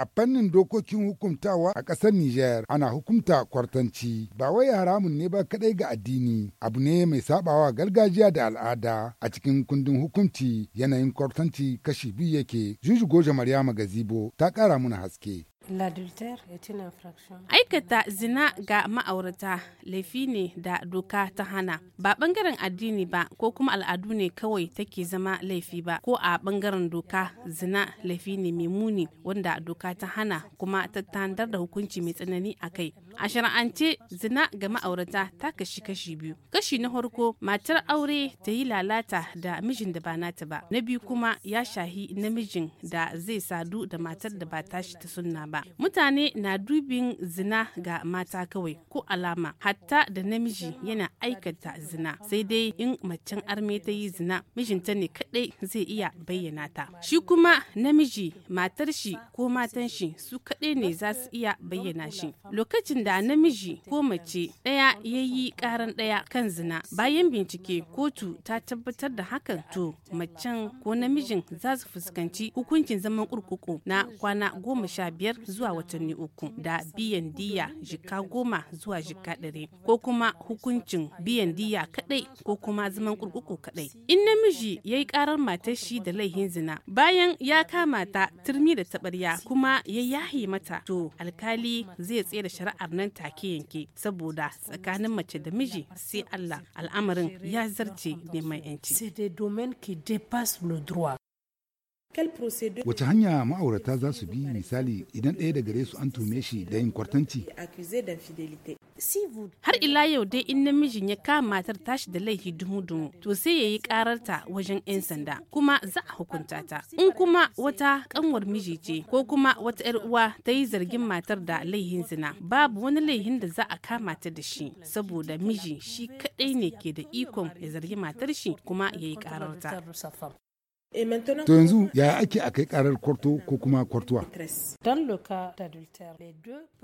A fannin dokokin hukuntawa a ƙasar Nijar ana hukunta kwartanci ba wai haramun ne ba kaɗai ga addini abu ne mai sabawa gargajiya da al'ada a cikin kundin hukunci yanayin kwartanci kashi biyu yake juju Goja Maryama Gazibo ta ƙara mana haske. Aikata zina ga ma'aurata laifi ne da doka ta hana. Ba bangaren addini ba ko kuma al'adu ne kawai take zama laifi ba ko a bangaren doka zina laifi ne mai muni wanda doka ta hana kuma ta da hukunci mai tsanani a kai. A shari'ance zina ga ma'aurata ta kashi kashi biyu. Kashi na farko matar aure ta yi lalata da mijin da ba nata ba. Na biyu kuma ya shahi namijin da zai sadu da matar da ba shi ta sunna ba. Mutane na dubin zina ga mata kawai ko alama hatta da namiji yana aikata zina sai dai in macen arme ta yi zina mijinta ne kadai zai iya bayyana ta. Shi kuma namiji matar shi ko matan shi su kadai ne za su iya bayyana shi. Lokacin da da namiji ko mace ɗaya ya yi ƙaran ɗaya kan zina bayan bincike kotu ta tabbatar da hakan to macen ko namijin za su fuskanci hukuncin zaman kurkuku na kwana goma sha biyar zuwa watanni uku da biyan diya jika goma zuwa jika ɗari ko kuma hukuncin biyan diya kaɗai ko kuma zaman kurkuku kaɗai in namiji ya yi ƙarar matar shi da laihin zina bayan ya kama ta turmi da taɓarya kuma ya yahi mata to alkali zai tsere shari'ar nan take yanke saboda tsakanin mace da miji sai Allah al'amarin ya zarce neman yanci. Wace hanya ma'aurata za su bi misali idan ɗaya da gare su an tume shi da yin kwartanci? Har ila yau dai in namijin ya kama matar tashi da laifi dumu-dumu to sai ya yi kararta wajen 'yan sanda kuma za a hukunta ta. In kuma wata kanwar miji ce ko kuma wata 'yar uwa ta yi zargin matar da laifin zina babu wani laifin da za a kama ta da shi saboda miji shi kadai ne ke da ikon ya zargi matar shi kuma ya yi kararta. To yanzu ya ake a kai karar kwarto ko kuma kwartuwa?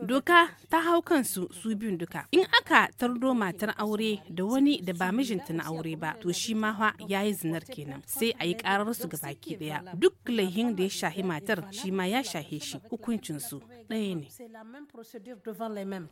Doka ta hau kansu su biyun duka. In aka tardo matar aure da wani da ba mijinta na aure ba, to shi ma ya yi zinar kenan. Sai a yi karar su ga baki daya. Duk laihin da ya shahi matar shi ma ya shahe shi hukuncinsu ɗaya ne.